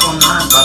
Dragonman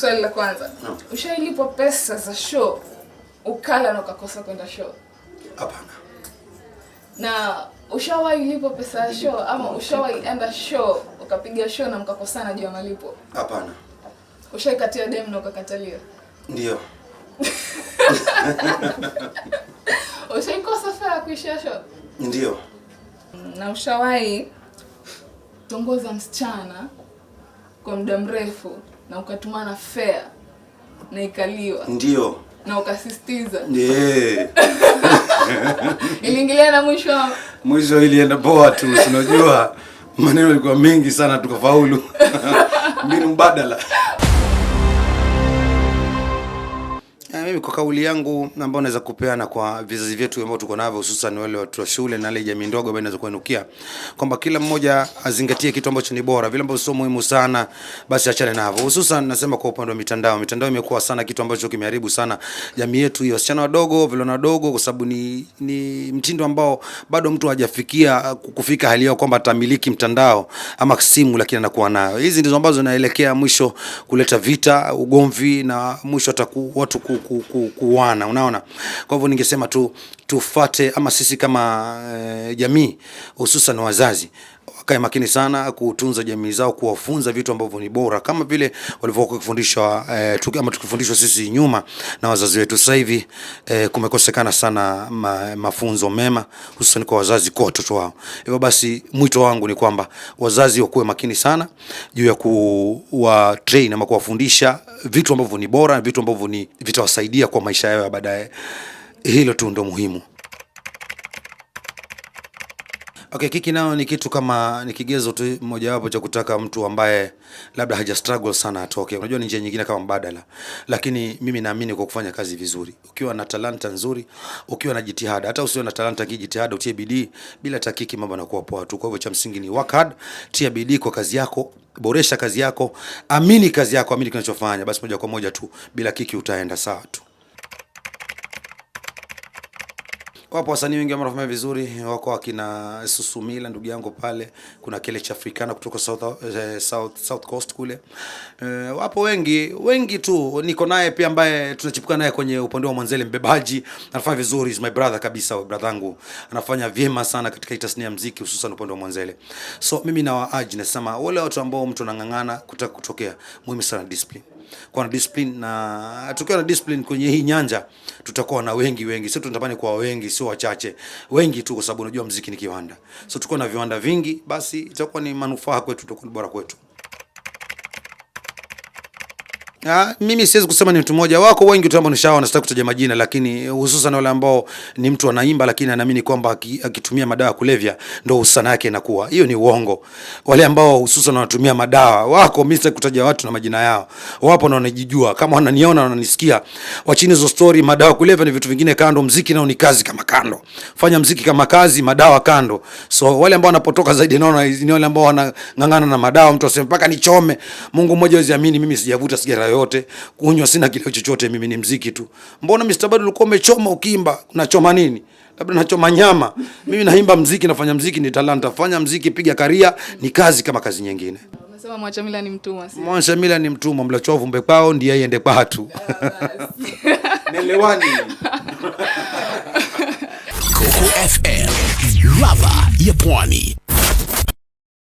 Swali la kwanza, ushailipwa pesa za show ukala na ukakosa kwenda show? Hapana. Na ushawahi lipwa pesa ya show ama ushawahi enda show ukapiga show na mkakosana juu ya malipo? Hapana. Ushaikatia dem na ukakataliwa? Ndio. Ushaikosa fare ya kuishia show? Ndio. Na ushawahi tongoza msichana kwa muda mrefu na na fair na ikaliwa, ndio na ukasisitiza yeah. iliingilia na mwisho mwisho ilienda poa tu, unajua maneno yalikuwa mengi sana, tukafaulu mbinu mbadala mimi kwa kauli yangu ambayo naweza kupeana kwa vizazi vyetu ambao tuko navyo, hususan wale watu wa shule na ile jamii ndogo ambayo inaweza kuinukia, kwamba kila mmoja azingatie kitu ambacho ni bora, vile ambavyo sio muhimu sana basi achane navyo, hususan nasema kwa upande wa mitandao. Mitandao imekuwa sana kitu ambacho kimeharibu sana jamii yetu hiyo, wasichana wadogo, vijana wadogo, kwa sababu ni, ni mtindo ambao bado mtu hajafikia uh, kufika hali yao kwamba atamiliki mtandao ama simu, lakini anakuwa nayo. Hizi ndizo ambazo zinaelekea mwisho kuleta vita, ugomvi na mwisho watu ku ku, ku, kuwana, unaona. Kwa hivyo ningesema tu tufate ama sisi kama e, jamii hususan wazazi wakae makini sana kutunza jamii zao, kuwafunza vitu ambavyo ni bora, kama vile walivyokuwa kufundishwa eh, tuki, ama tukifundishwa sisi nyuma na wazazi wetu. Sasa hivi eh, kumekosekana sana ma, mafunzo mema hususan kwa wazazi kwa watoto wao. Hivyo basi mwito wangu ni kwamba wazazi wakuwe makini sana juu ya kuwa train ama kuwafundisha vitu ambavyo ni bora, vitu ambavyo ni vitawasaidia kwa maisha yao ya baadaye. Hilo tu ndo muhimu. Okay, kiki nao ni kitu kama ni kigezo tu mojawapo cha kutaka mtu ambaye labda haja struggle sana atoke. Okay, unajua ni njia nyingine kama mbadala, lakini mimi naamini kwa kufanya kazi vizuri, ukiwa na talanta nzuri, ukiwa na jitihada, hata usio na talanta, ki jitihada, utie bidii, bila takiki mambo yanakuwa poa tu. Kwa hivyo cha msingi ni work hard, tia bidii kwa kazi yako, boresha kazi yako, amini kazi yako, amini kinachofanya, basi moja kwa moja tu bila kiki utaenda sawa tu. Wapo wasanii wengi ambao wanafanya vizuri, wako akina Susumila ndugu yangu pale, kuna kile cha Afrikana kutoka South, uh, South, South Coast kule Uh, wapo wengi wengi tu. Niko naye pia ambaye tunachipuka naye kwenye upande wa Mwanzele, mbebaji anafanya vizuri, is my brother kabisa, brother wangu anafanya vyema sana katika tasnia ya muziki, hususan upande wa Mwanzele. So mimi na waaji nasema wale watu ambao mtu anang'ang'ana kutaka kutokea, muhimu sana discipline kuwa na discipline, na tukiwa na discipline kwenye hii nyanja tutakuwa na wengi wengi, sio tunatamani kwa wengi, sio wachache, wengi tu, kwa sababu unajua mziki ni kiwanda. So tukiwa na viwanda vingi, basi itakuwa ni manufaa kwetu, tutakuwa bora kwetu. Ha, ah, mimi siwezi kusema ni mtu mmoja wako wengi tu ambao nishaona, sitaki kutaja majina, lakini hususan wale ambao ni mtu anaimba, lakini anaamini kwamba akitumia madawa kulevya ndio usana yake inakuwa. Hiyo ni uongo. Wale ambao hususan wanatumia madawa wako, mimi sitaki kutaja watu na majina yao, wapo na wanajijua, kama wananiona wananisikia, wachini hizo story. Madawa kulevya ni vitu vingine kando, mziki nao ni kazi kama kando, fanya mziki kama kazi, madawa kando. So wale ambao wanapotoka zaidi naona ni wale ambao wanang'ang'ana na madawa, mtu aseme mpaka nichome. Mungu mmoja, weziamini mimi sijavuta sigara yoyote, kunywa sina kileo chochote, mimi ni mziki tu. Mbona Mr. Badu ulikuwa umechoma ukimba, nachoma nini? Labda nachoma nyama. Mimi naimba mziki, nafanya mziki, ni talanta. Fanya mziki, piga karia, ni kazi kama kazi nyingine. Unasema Mila ni mtumwa, Mwacha Mila ni mtumwa, mlacho mtumwa, kwao ndiye aiende Nelewani. Coco FM, ladha ya Pwani.